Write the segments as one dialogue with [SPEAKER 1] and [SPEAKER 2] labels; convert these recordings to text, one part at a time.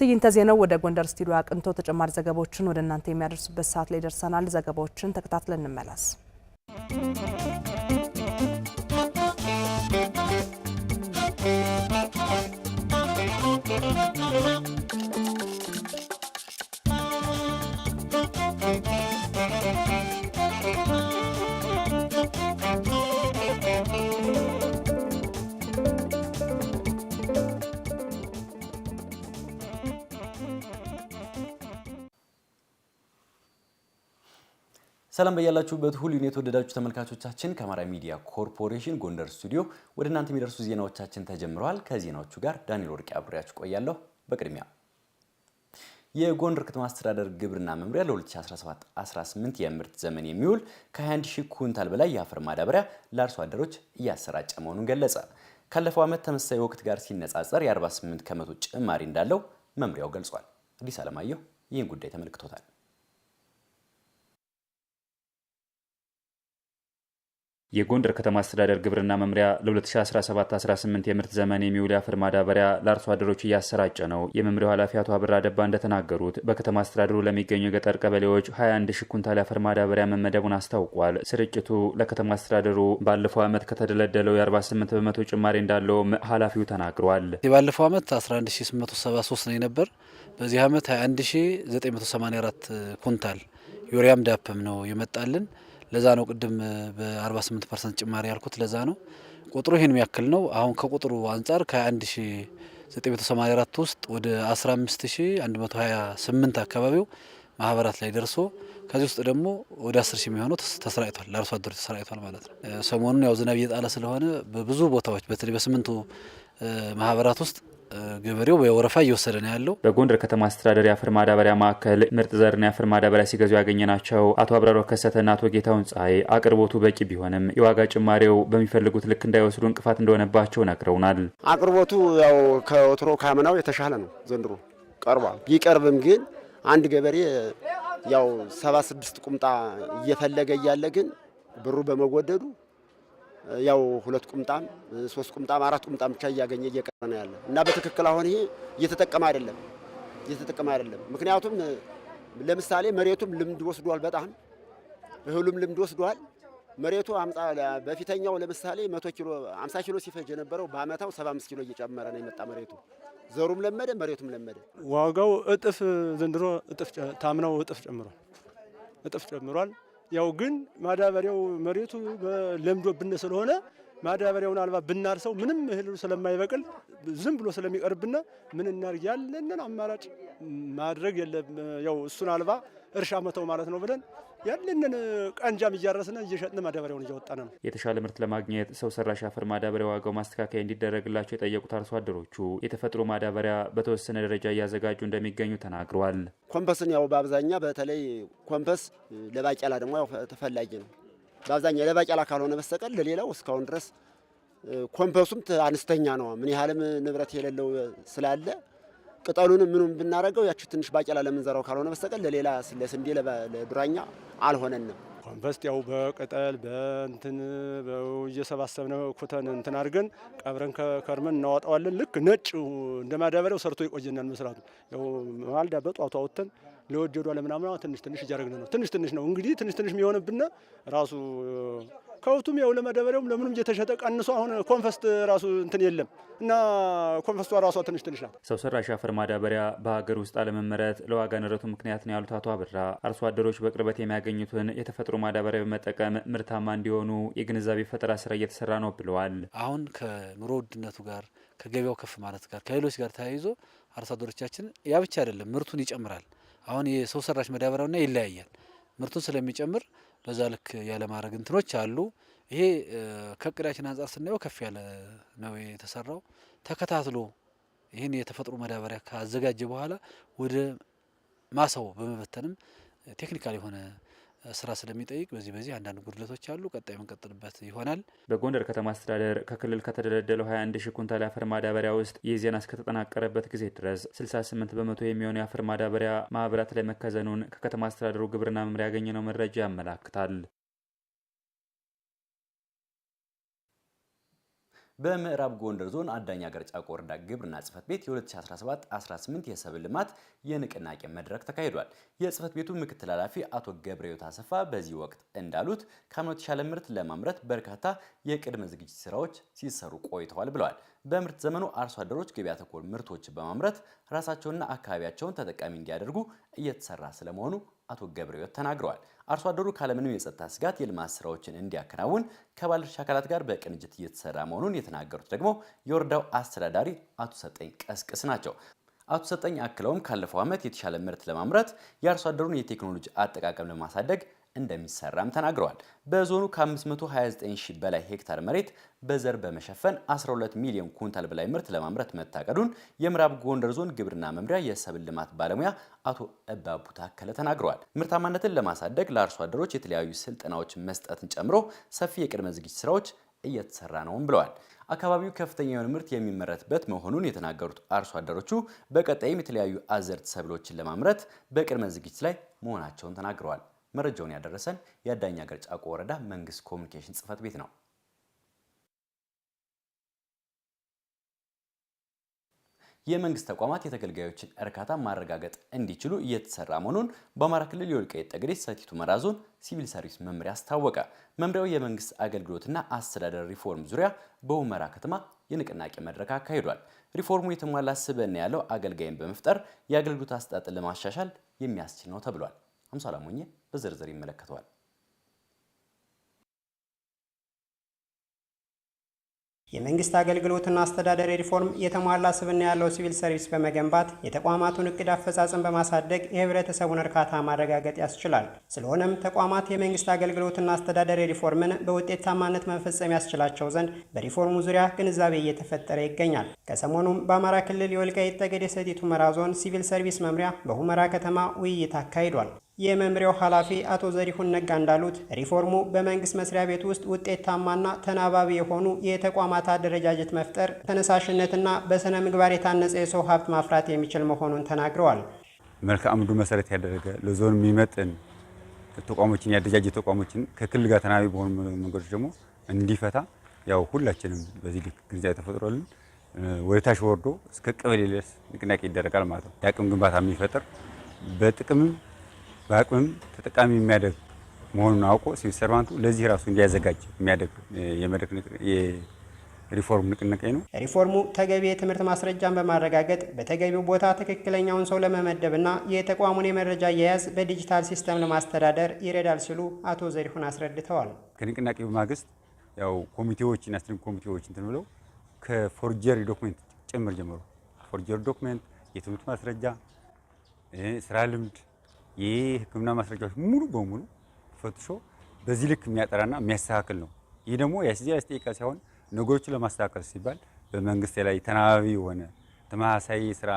[SPEAKER 1] ትዕይንተ ዜናው ወደ ጎንደር ስቱዲዮ አቅንቶ ተጨማሪ ዘገባዎችን ወደ እናንተ የሚያደርሱበት ሰዓት ላይ ደርሰናል። ዘገባዎችን ተከታትለን እንመለስ።
[SPEAKER 2] ሰላም በያላችሁበት ሁሉ ኔ የተወደዳችሁ ተመልካቾቻችን ከአማራ ሚዲያ ኮርፖሬሽን ጎንደር ስቱዲዮ ወደ እናንተ የሚደርሱ ዜናዎቻችን ተጀምረዋል። ከዜናዎቹ ጋር ዳንኤል ወርቅ አብሬያችሁ ቆያለሁ። በቅድሚያ የጎንደር ከተማ አስተዳደር ግብርና መምሪያ ለ2017/18 የምርት ዘመን የሚውል ከ21 ሺህ ኩንታል በላይ የአፈር ማዳበሪያ ለአርሶ አደሮች እያሰራጨ መሆኑን ገለጸ። ካለፈው ዓመት ተመሳሳይ ወቅት ጋር ሲነጻጸር የ48 ከመቶ ጭማሪ እንዳለው መምሪያው ገልጿል። አዲስ አለማየሁ ይህን ጉዳይ ተመልክቶታል። የጎንደር ከተማ አስተዳደር ግብርና መምሪያ ለ2017/18 የምርት ዘመን የሚውል የአፈር ማዳበሪያ ለአርሶ አደሮች እያሰራጨ ነው። የመምሪያው ኃላፊ አቶ አብራ ደባ እንደተናገሩት በከተማ አስተዳደሩ ለሚገኙ የገጠር ቀበሌዎች 21 ሺ ኩንታል የአፈር ማዳበሪያ መመደቡን አስታውቋል። ስርጭቱ ለከተማ አስተዳደሩ ባለፈው ዓመት ከተደለደለው የ48 በመቶ ጭማሪ እንዳለውም ኃላፊው ተናግሯል።
[SPEAKER 3] የባለፈው ዓመት 11873 ነው የነበር። በዚህ ዓመት 21984 ኩንታል ዩሪያም ዳፕም ነው የመጣልን ለዛ ነው ቅድም በ48 ፐርሰንት ጭማሪ ያልኩት ለዛ ነው። ቁጥሩ ይህን የሚያክል ነው። አሁን ከቁጥሩ አንጻር ከ1984 ውስጥ ወደ 15128 አካባቢው ማህበራት ላይ ደርሶ ከዚህ ውስጥ ደግሞ ወደ 10 ሺህ የሚሆነው ተሰራጭቷል፣ ለአርሶ አደሮች ተሰራጭቷል ማለት ነው። ሰሞኑን ያው ዝናብ እየጣለ ስለሆነ በብዙ ቦታዎች በተለይ በስምንቱ ማህበራት ውስጥ ገበሬው በወረፋ እየወሰደ ነው ያለው።
[SPEAKER 2] በጎንደር ከተማ አስተዳደር የአፈር ማዳበሪያ ማዕከል ምርጥ ዘርና የአፈር ማዳበሪያ ሲገዙ ያገኘ ናቸው አቶ አብራሮ ከሰተና አቶ ጌታውን ፀሐይ አቅርቦቱ በቂ ቢሆንም የዋጋ ጭማሬው በሚፈልጉት ልክ እንዳይወስዱ እንቅፋት እንደሆነባቸው ነግረውናል።
[SPEAKER 4] አቅርቦቱ ያው ከወትሮ ካምናው የተሻለ ነው ዘንድሮ ቀርቧል። ቢቀርብም ግን አንድ ገበሬ ያው ሰባ ስድስት ቁምጣ እየፈለገ እያለ ግን ብሩ በመወደዱ ያው ሁለት ቁምጣም ሶስት ቁምጣም አራት ቁምጣም ብቻ እያገኘ እየቀረ ነው ያለ እና በትክክል አሁን ይሄ እየተጠቀመ አይደለም እየተጠቀመ አይደለም። ምክንያቱም ለምሳሌ መሬቱም ልምድ ወስዷል፣ በጣም እህሉም ልምድ ወስዷል። መሬቱ በፊተኛው ለምሳሌ 100 ኪሎ 50 ኪሎ ሲፈጅ የነበረው በአመታው 75 ኪሎ እየጨመረ ነው የመጣ መሬቱ። ዘሩም ለመደ፣ መሬቱም ለመደ።
[SPEAKER 5] ዋጋው እጥፍ ዘንድሮ እጥፍ ታምናው እጥፍ ጨምሯል፣ እጥፍ ጨምሯል። ያው ግን ማዳበሪያው መሬቱ ለምዶብን ስለሆነ ማዳበሪያውን አልባ ብናርሰው ምንም እህል ስለማይበቅል ዝም ብሎ ስለሚቀርብና ምን እናርግ ያለንን አማራጭ ማድረግ የለም ያው እሱን አልባ እርሻ መተው ማለት ነው ብለን ያለንን ቀንጃም እያረስን እየሸጥን ማዳበሪያውን እያወጣን ነው።
[SPEAKER 2] የተሻለ ምርት ለማግኘት ሰው ሰራሽ አፈር ማዳበሪያ ዋጋው ማስተካከያ እንዲደረግላቸው የጠየቁት አርሶ አደሮቹ የተፈጥሮ ማዳበሪያ በተወሰነ ደረጃ እያዘጋጁ እንደሚገኙ ተናግረዋል።
[SPEAKER 4] ኮምፐስን ያው በአብዛኛ በተለይ ኮምፐስ ለባቄላ ደግሞ ያው ተፈላጊ ነው። በአብዛኛ ለባቄላ ካልሆነ በስተቀር ለሌላው እስካሁን ድረስ ኮምፐሱም አነስተኛ ነው። ምን ያህልም ንብረት የሌለው ስላለ ቅጠሉንም ምኑም ብናደርገው ያቺ ትንሽ ባቄላ ለምንዘራው ካልሆነ በስተቀር ለሌላ ለስንዴ ለዱራኛ አልሆነንም።
[SPEAKER 5] ኮንቨስት ያው በቅጠል በእንትን እየሰባሰብነ ኩተን እንትን አድርገን ቀብረን ከርመን እናወጣዋለን። ልክ ነጭ እንደ ማዳበሪያው ሰርቶ ይቆየናል። መስራቱ ያው ማልዳ በጧቱ አውጥተን ለወጀዷ ለምናምና ትንሽ ትንሽ እያደረግን ነው። ትንሽ ትንሽ ነው እንግዲህ ትንሽ ትንሽ የሚሆንብና ራሱ ከውቱም ያው ለማዳበሪያውም ለምንም እየተሸጠ ቀንሶ አሁን ኮንፈስት ራሱ እንትን የለም እና ኮንፈስቷ ራሷ ትንሽ ትንሽ ናት።
[SPEAKER 2] ሰው ሰራሽ አፈር ማዳበሪያ በሀገር ውስጥ አለመመረት ለዋጋ ንረቱ ምክንያት ነው ያሉት አቶ አብራ አርሶ አደሮች በቅርበት የሚያገኙትን የተፈጥሮ ማዳበሪያ በመጠቀም ምርታማ እንዲሆኑ የግንዛቤ ፈጠራ ስራ እየተሰራ ነው ብለዋል።
[SPEAKER 3] አሁን ከኑሮ ውድነቱ ጋር ከገበያው ከፍ ማለት ጋር ከሌሎች ጋር ተያይዞ አርሶ አደሮቻችን ያ ብቻ አይደለም ምርቱን ይጨምራል። አሁን የሰው ሰራሽ ማዳበሪያውና ይለያያል ምርቱን ስለሚጨምር በዛ ልክ ያለማድረግ እንትኖች አሉ። ይሄ ከእቅዳችን አንጻር ስናየው ከፍ ያለ ነው የተሰራው። ተከታትሎ ይህን የተፈጥሮ ማዳበሪያ ካዘጋጀ በኋላ ወደ ማሳው በመበተንም ቴክኒካል የሆነ ስራ ስለሚጠይቅ በዚህ በዚህ አንዳንድ ጉድለቶች አሉ። ቀጣይ የምንቀጥልበት ይሆናል።
[SPEAKER 2] በጎንደር ከተማ አስተዳደር ከክልል ከተደለደለው 21 ሺ ኩንታል የአፈር ማዳበሪያ ውስጥ ይህ ዜና እስከተጠናቀረበት ጊዜ ድረስ 68 በመቶ የሚሆኑ የአፈር ማዳበሪያ ማህበራት ላይ መከዘኑን ከከተማ አስተዳደሩ ግብርና መምሪያ ያገኘነው መረጃ ያመላክታል። በምዕራብ ጎንደር ዞን አዳኝ አገርጫ ወረዳ ግብርና ጽህፈት ቤት የ2017-18 የሰብል ልማት የንቅናቄ መድረክ ተካሂዷል። የጽህፈት ቤቱ ምክትል ኃላፊ አቶ ገብረዮት አሰፋ በዚህ ወቅት እንዳሉት ከዓመት የተሻለ ምርት ለማምረት በርካታ የቅድመ ዝግጅት ስራዎች ሲሰሩ ቆይተዋል ብለዋል። በምርት ዘመኑ አርሶ አደሮች ገበያ ተኮር ምርቶችን በማምረት ራሳቸውንና አካባቢያቸውን ተጠቃሚ እንዲያደርጉ እየተሰራ ስለመሆኑ አቶ ገብረዮት ተናግረዋል። አርሶ አደሩ ካለምንም የጸጥታ ስጋት የልማት ስራዎችን እንዲያከናውን ከባለድርሻ አካላት ጋር በቅንጅት እየተሰራ መሆኑን የተናገሩት ደግሞ የወረዳው አስተዳዳሪ አቶ ሰጠኝ ቀስቅስ ናቸው። አቶ ሰጠኝ አክለውም ካለፈው ዓመት የተሻለ ምርት ለማምረት የአርሶ አደሩን የቴክኖሎጂ አጠቃቀም ለማሳደግ እንደሚሰራም ተናግረዋል። በዞኑ ከ529 ሺህ በላይ ሄክታር መሬት በዘር በመሸፈን 12 ሚሊዮን ኩንታል በላይ ምርት ለማምረት መታቀዱን የምዕራብ ጎንደር ዞን ግብርና መምሪያ የሰብል ልማት ባለሙያ አቶ እባቡ ታከለ ተናግረዋል። ምርታማነትን ለማሳደግ ለአርሶ አደሮች የተለያዩ ስልጠናዎች መስጠትን ጨምሮ ሰፊ የቅድመ ዝግጅት ስራዎች እየተሰራ ነውም ብለዋል። አካባቢው ከፍተኛ የሆነ ምርት የሚመረትበት መሆኑን የተናገሩት አርሶ አደሮቹ በቀጣይም የተለያዩ አዘርት ሰብሎችን ለማምረት በቅድመ ዝግጅት ላይ መሆናቸውን ተናግረዋል። መረጃውን ያደረሰን የአዳኝ ሀገር ጫቆ ወረዳ መንግስት ኮሚኒኬሽን ጽህፈት ቤት ነው። የመንግስት ተቋማት የተገልጋዮችን እርካታ ማረጋገጥ እንዲችሉ እየተሰራ መሆኑን በአማራ ክልል የወልቃይት ጠገዴ ሰቲት ሁመራ ዞን ሲቪል ሰርቪስ መምሪያ አስታወቀ። መምሪያው የመንግስት አገልግሎትና አስተዳደር ሪፎርም ዙሪያ በሁመራ ከተማ የንቅናቄ መድረክ አካሂዷል። ሪፎርሙ የተሟላ ስብዕና ያለው አገልጋይን በመፍጠር የአገልግሎት አሰጣጥን ለማሻሻል የሚያስችል ነው ተብሏል። አምሳላ ሞኜ በዝርዝር ይመለከተዋል። የመንግስት አገልግሎትና አስተዳደር ሪፎርም የተሟላ ስብና ያለው ሲቪል ሰርቪስ በመገንባት የተቋማቱን እቅድ አፈጻጸም
[SPEAKER 6] በማሳደግ የህብረተሰቡን እርካታ ማረጋገጥ ያስችላል። ስለሆነም ተቋማት የመንግስት አገልግሎትና አስተዳደር ሪፎርምን በውጤታማነት መፈጸም ያስችላቸው ዘንድ በሪፎርሙ ዙሪያ ግንዛቤ እየተፈጠረ ይገኛል። ከሰሞኑም በአማራ ክልል የወልቃይት ጠገዴ ሰቲት ሁመራ ዞን ሲቪል ሰርቪስ መምሪያ በሁመራ ከተማ ውይይት አካሂዷል። የመምሪያው ኃላፊ አቶ ዘሪሁን ነጋ እንዳሉት ሪፎርሙ በመንግስት መስሪያ ቤት ውስጥ ውጤታማና ተናባቢ የሆኑ የተቋማት አደረጃጀት መፍጠር፣
[SPEAKER 2] ተነሳሽነትና በስነ ምግባር የታነጸ የሰው ሀብት ማፍራት የሚችል መሆኑን ተናግረዋል። መልክዓ ምድሩ መሰረት ያደረገ ለዞን የሚመጥን ተቋሞችን ያደጃጀት ተቋሞችን ከክልል ጋር ተናባቢ
[SPEAKER 6] በሆኑ መንገዶች ደግሞ እንዲፈታ ያው ሁላችንም በዚህ ልክ ግንዛቤ ተፈጥሮልን ወደታች ወርዶ እስከ ቀበሌ ድረስ ንቅናቄ ይደረጋል ማለት ነው። የአቅም ግንባታ የሚፈጥር በጥቅምም በአቅምም ተጠቃሚ የሚያደርግ መሆኑን አውቆ ሲቪል ሰርቫንቱ ለዚህ ራሱ እንዲያዘጋጅ የሚያደርግ የመድረክ ሪፎርም ንቅናቄ ነው። ሪፎርሙ ተገቢ የትምህርት ማስረጃን በማረጋገጥ በተገቢው ቦታ ትክክለኛውን ሰው ለመመደብና የተቋሙን የመረጃ አያያዝ በዲጂታል ሲስተም ለማስተዳደር ይረዳል ሲሉ አቶ ዘሪሁን
[SPEAKER 2] አስረድተዋል። ከንቅናቄ በማግስት ያው ኮሚቴዎችን አስድንግ ኮሚቴዎች እንትን ብለው ከፎርጀሪ ዶክመንት ጭምር ጀምሮ ፎርጀሪ ዶክመንት፣ የትምህርት ማስረጃ፣ ስራ ልምድ ህክምና ማስረጃዎች ሙሉ በሙሉ
[SPEAKER 7] ፈትሾ በዚህ ልክ የሚያጠራና የሚያስተካክል ነው። ይህ ደግሞ ያስዚ ያስጠይቃ ሳይሆን ነገሮቹ ለማስተካከል ሲባል በመንግስት ላይ ተናባቢ የሆነ ተመሳሳይ ስራ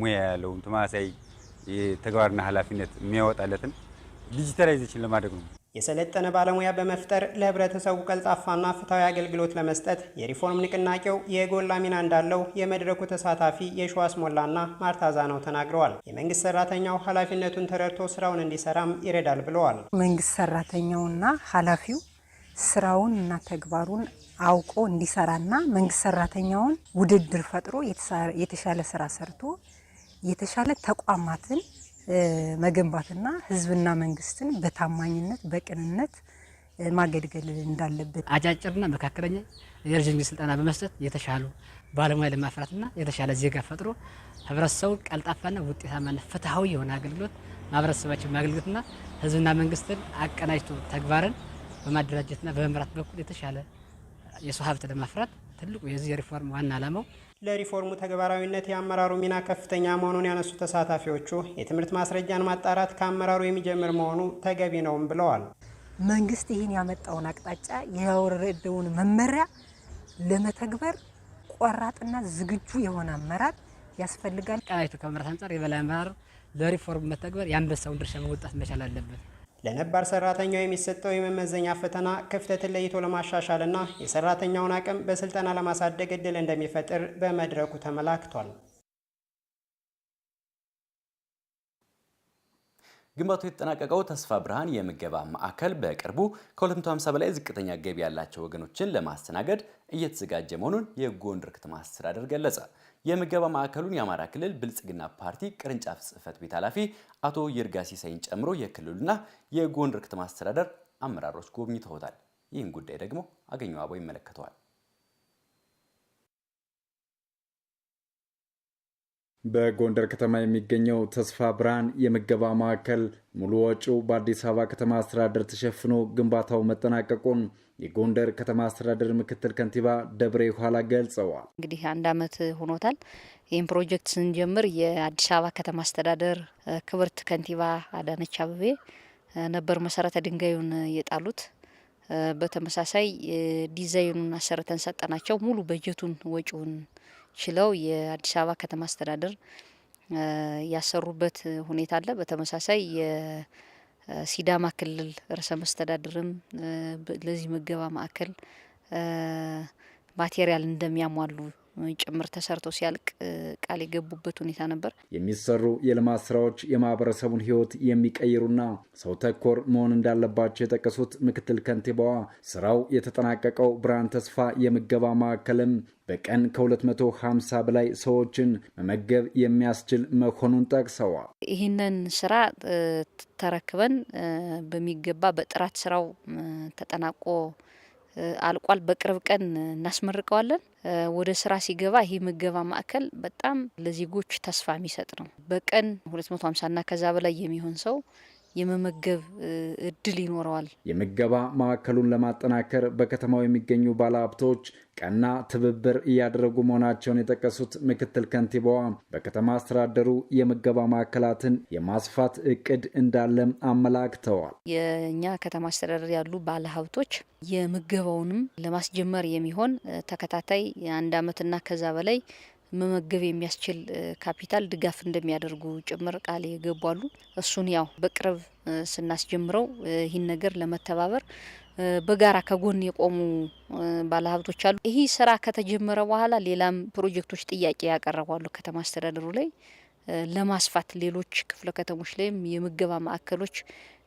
[SPEAKER 7] ሙያ ያለውን ተመሳሳይ የተግባርና ኃላፊነት የሚያወጣለትን ዲጂታላይዜሽን ለማድረግ ነው። የሰለጠነ ባለሙያ በመፍጠር ለህብረተሰቡ
[SPEAKER 8] ቀልጣፋና ፍትሐዊ አገልግሎት ለመስጠት የሪፎርም ንቅናቄው የጎላ ሚና እንዳለው የመድረኩ ተሳታፊ የሸዋስ ሞላና ማርታ ዛናው ተናግረዋል። የመንግስት ሰራተኛው ኃላፊነቱን ተረድቶ ስራውን እንዲሰራም ይረዳል ብለዋል። መንግስት ሰራተኛውና ኃላፊው ስራውን እና ተግባሩን አውቆ እንዲሰራና መንግስት ሰራተኛውን ውድድር
[SPEAKER 2] ፈጥሮ የተሻለ ስራ ሰርቶ የተሻለ ተቋማትን መገንባትና ህዝብና መንግስትን በታማኝነት
[SPEAKER 7] በቅንነት ማገልገል እንዳለበት አጫጭርና መካከለኛ የረጅም ጊዜ ስልጠና በመስጠት የተሻሉ ባለሙያ ለማፍራትና የተሻለ ዜጋ ፈጥሮ
[SPEAKER 8] ህብረተሰቡን ቀልጣፋና ውጤታማና ፍትሐዊ የሆነ አገልግሎት ማህበረሰባችን ማገልግሎትና ህዝብና
[SPEAKER 2] መንግስትን አቀናጅቶ ተግባርን በማደራጀትና በመምራት በኩል የተሻለ የሰው ሀብት ለማፍራት ትልቁ የዚህ ሪፎርም ዋና ዓላማው። ለሪፎርሙ ተግባራዊነት የአመራሩ ሚና ከፍተኛ መሆኑን ያነሱ ተሳታፊዎቹ የትምህርት ማስረጃን ማጣራት ከአመራሩ የሚጀምር መሆኑ ተገቢ ነውም ብለዋል።
[SPEAKER 7] መንግስት ይህን ያመጣውን አቅጣጫ የወረደውን መመሪያ ለመተግበር ቆራጥና ዝግጁ የሆነ አመራር ያስፈልጋል።
[SPEAKER 8] ቀናይቱ ከመምራት አንጻር የበላይ አመራር ለሪፎርም መተግበር የአንበሳውን ድርሻ መወጣት መቻል አለበት።
[SPEAKER 2] ለነባር ሰራተኛው የሚሰጠው የመመዘኛ ፈተና ክፍተትን ለይቶ ለማሻሻልና የሰራተኛውን አቅም በስልጠና ለማሳደግ እድል እንደሚፈጥር በመድረኩ ተመላክቷል። ግንባቱ የተጠናቀቀው ተስፋ ብርሃን የምገባ ማዕከል በቅርቡ ከ250 በላይ ዝቅተኛ ገቢ ያላቸው ወገኖችን ለማስተናገድ እየተዘጋጀ መሆኑን የጎንደር ከተማ አስተዳደር ገለጸ። የምገባ ማዕከሉን የአማራ ክልል ብልጽግና ፓርቲ ቅርንጫፍ ጽህፈት ቤት ኃላፊ አቶ ይርጋ ሲሳይን ጨምሮ የክልሉና የጎንደር ከተማ አስተዳደር አመራሮች ጎብኝተውታል። ይህን ጉዳይ ደግሞ አገኘው አበው ይመለከተዋል።
[SPEAKER 9] በጎንደር ከተማ የሚገኘው ተስፋ ብርሃን የምገባ ማዕከል ሙሉ ወጪው በአዲስ አበባ ከተማ አስተዳደር ተሸፍኖ ግንባታው መጠናቀቁን የጎንደር ከተማ አስተዳደር ምክትል ከንቲባ ደብሬ ኋላ ገልጸዋል።
[SPEAKER 10] እንግዲህ አንድ ዓመት ሆኖታል። ይህም ፕሮጀክት ስንጀምር የአዲስ አበባ ከተማ አስተዳደር ክብርት ከንቲባ አዳነች አበቤ ነበር መሰረተ ድንጋዩን የጣሉት። በተመሳሳይ ዲዛይኑን አሰርተን ሰጠናቸው። ሙሉ በጀቱን ወጪውን ችለው የአዲስ አበባ ከተማ አስተዳደር ያሰሩበት ሁኔታ አለ። በተመሳሳይ የሲዳማ ክልል ርዕሰ መስተዳድርም ለዚህ ምገባ ማዕከል ማቴሪያል እንደሚያሟሉ ጭምር ተሰርቶ ሲያልቅ ቃል የገቡበት ሁኔታ ነበር።
[SPEAKER 9] የሚሰሩ የልማት ስራዎች የማህበረሰቡን ህይወት የሚቀይሩና ሰው ተኮር መሆን እንዳለባቸው የጠቀሱት ምክትል ከንቲባዋ ስራው የተጠናቀቀው ብርሃን ተስፋ የምገባ ማዕከልም በቀን ከ250 በላይ ሰዎችን መመገብ የሚያስችል መሆኑን ጠቅሰዋል።
[SPEAKER 10] ይህንን ስራ ተረክበን በሚገባ በጥራት ስራው ተጠናቆ አልቋል። በቅርብ ቀን እናስመርቀዋለን። ወደ ስራ ሲገባ ይህ ምገባ ማዕከል በጣም ለዜጎች ተስፋ የሚሰጥ ነው። በቀን ሀምሳ ና ከዛ በላይ የሚሆን ሰው የመመገብ እድል ይኖረዋል።
[SPEAKER 9] የምገባ ማዕከሉን ለማጠናከር በከተማው የሚገኙ ባለሀብቶች ቀና ትብብር እያደረጉ መሆናቸውን የጠቀሱት ምክትል ከንቲባዋ በከተማ አስተዳደሩ የምገባ ማዕከላትን የማስፋት እቅድ እንዳለም አመላክተዋል።
[SPEAKER 10] የእኛ ከተማ አስተዳደር ያሉ ባለሀብቶች የምገባውንም ለማስጀመር የሚሆን ተከታታይ አንድ አመትና ከዛ በላይ መመገብ የሚያስችል ካፒታል ድጋፍ እንደሚያደርጉ ጭምር ቃል የገቧሉ። እሱን ያው በቅርብ ስናስጀምረው ይህን ነገር ለመተባበር በጋራ ከጎን የቆሙ ባለሀብቶች አሉ። ይህ ስራ ከተጀመረ በኋላ ሌላም ፕሮጀክቶች ጥያቄ ያቀረቧሉ ከተማ አስተዳደሩ ላይ ለማስፋት ሌሎች ክፍለ ከተሞች ላይም የምገባ ማዕከሎች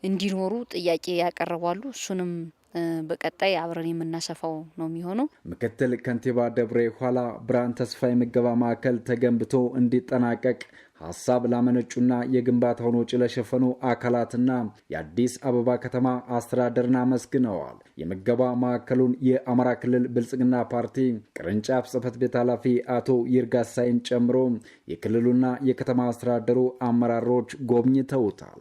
[SPEAKER 10] እንዲኖሩ ጥያቄ ያቀረቧሉ። እሱንም በቀጣይ አብረን የምናሰፋው ነው የሚሆነው።
[SPEAKER 9] ምክትል ከንቲባ ደብረ ኋላ ብርሃን ተስፋ የምገባ ማዕከል ተገንብቶ እንዲጠናቀቅ ሀሳብ ላመነጩና የግንባታውን ወጪ ለሸፈኑ አካላትና የአዲስ አበባ ከተማ አስተዳደርን አመስግነዋል። የምገባ ማዕከሉን የአማራ ክልል ብልጽግና ፓርቲ ቅርንጫፍ ጽህፈት ቤት ኃላፊ አቶ ይርጋሳይን ጨምሮ የክልሉና የከተማ አስተዳደሩ አመራሮች ጎብኝተውታል።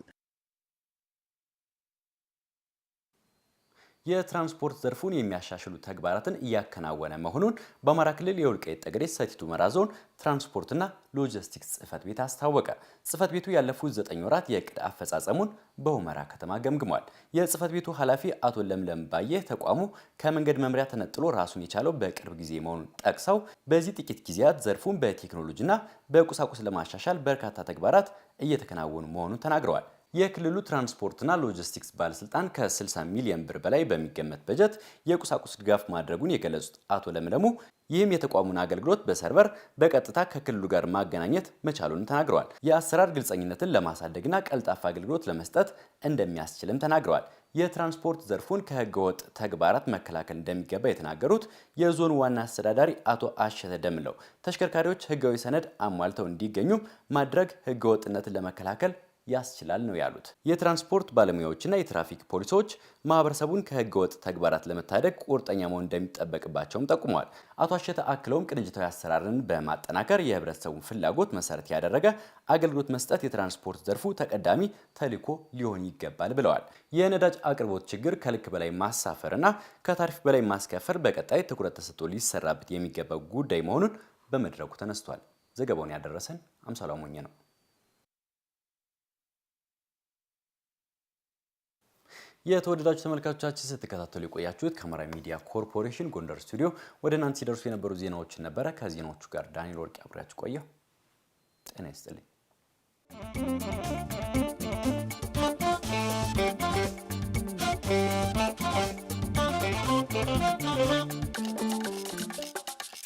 [SPEAKER 2] የትራንስፖርት ዘርፉን የሚያሻሽሉ ተግባራትን እያከናወነ መሆኑን በአማራ ክልል የወልቃይት ጠገዴ ሰቲት ሁመራ ዞን ትራንስፖርትና ሎጂስቲክስ ጽህፈት ቤት አስታወቀ። ጽህፈት ቤቱ ያለፉት ዘጠኝ ወራት የእቅድ አፈጻጸሙን በሁመራ ከተማ ገምግሟል። የጽህፈት ቤቱ ኃላፊ አቶ ለምለም ባየ ተቋሙ ከመንገድ መምሪያ ተነጥሎ ራሱን የቻለው በቅርብ ጊዜ መሆኑን ጠቅሰው በዚህ ጥቂት ጊዜያት ዘርፉን በቴክኖሎጂና በቁሳቁስ ለማሻሻል በርካታ ተግባራት እየተከናወኑ መሆኑን ተናግረዋል። የክልሉ ትራንስፖርትና ሎጂስቲክስ ባለስልጣን ከ60 ሚሊዮን ብር በላይ በሚገመት በጀት የቁሳቁስ ድጋፍ ማድረጉን የገለጹት አቶ ለምለሙ ይህም የተቋሙን አገልግሎት በሰርቨር በቀጥታ ከክልሉ ጋር ማገናኘት መቻሉን ተናግረዋል። የአሰራር ግልጸኝነትን ለማሳደግና ቀልጣፋ አገልግሎት ለመስጠት እንደሚያስችልም ተናግረዋል። የትራንስፖርት ዘርፉን ከህገወጥ ተግባራት መከላከል እንደሚገባ የተናገሩት የዞኑ ዋና አስተዳዳሪ አቶ አሸተ ደምለው ተሽከርካሪዎች ህጋዊ ሰነድ አሟልተው እንዲገኙ ማድረግ ህገወጥነትን ለመከላከል ያስችላል ነው ያሉት። የትራንስፖርት ባለሙያዎችና የትራፊክ ፖሊሶች ማህበረሰቡን ከህገወጥ ተግባራት ለመታደግ ቁርጠኛ መሆን እንደሚጠበቅባቸውም ጠቁመዋል። አቶ አሸተ አክለውም ቅንጅታዊ አሰራርን በማጠናከር የህብረተሰቡን ፍላጎት መሰረት ያደረገ አገልግሎት መስጠት የትራንስፖርት ዘርፉ ተቀዳሚ ተልዕኮ ሊሆን ይገባል ብለዋል። የነዳጅ አቅርቦት ችግር ከልክ በላይ ማሳፈርና ከታሪፍ በላይ ማስከፈር በቀጣይ ትኩረት ተሰጥቶ ሊሰራበት የሚገባ ጉዳይ መሆኑን በመድረኩ ተነስቷል። ዘገባውን ያደረሰን አምሳላ ሞኘ ነው። የተወደዳችሁ ተመልካቾቻችን ስትከታተሉ የቆያችሁት ከአማራ ሚዲያ ኮርፖሬሽን ጎንደር ስቱዲዮ ወደ እናንተ ሲደርሱ የነበሩ ዜናዎችን ነበረ። ከዜናዎቹ ጋር ዳንኤል ወርቅ አብሬያችሁ ቆየሁ። ጤና ይስጥልኝ።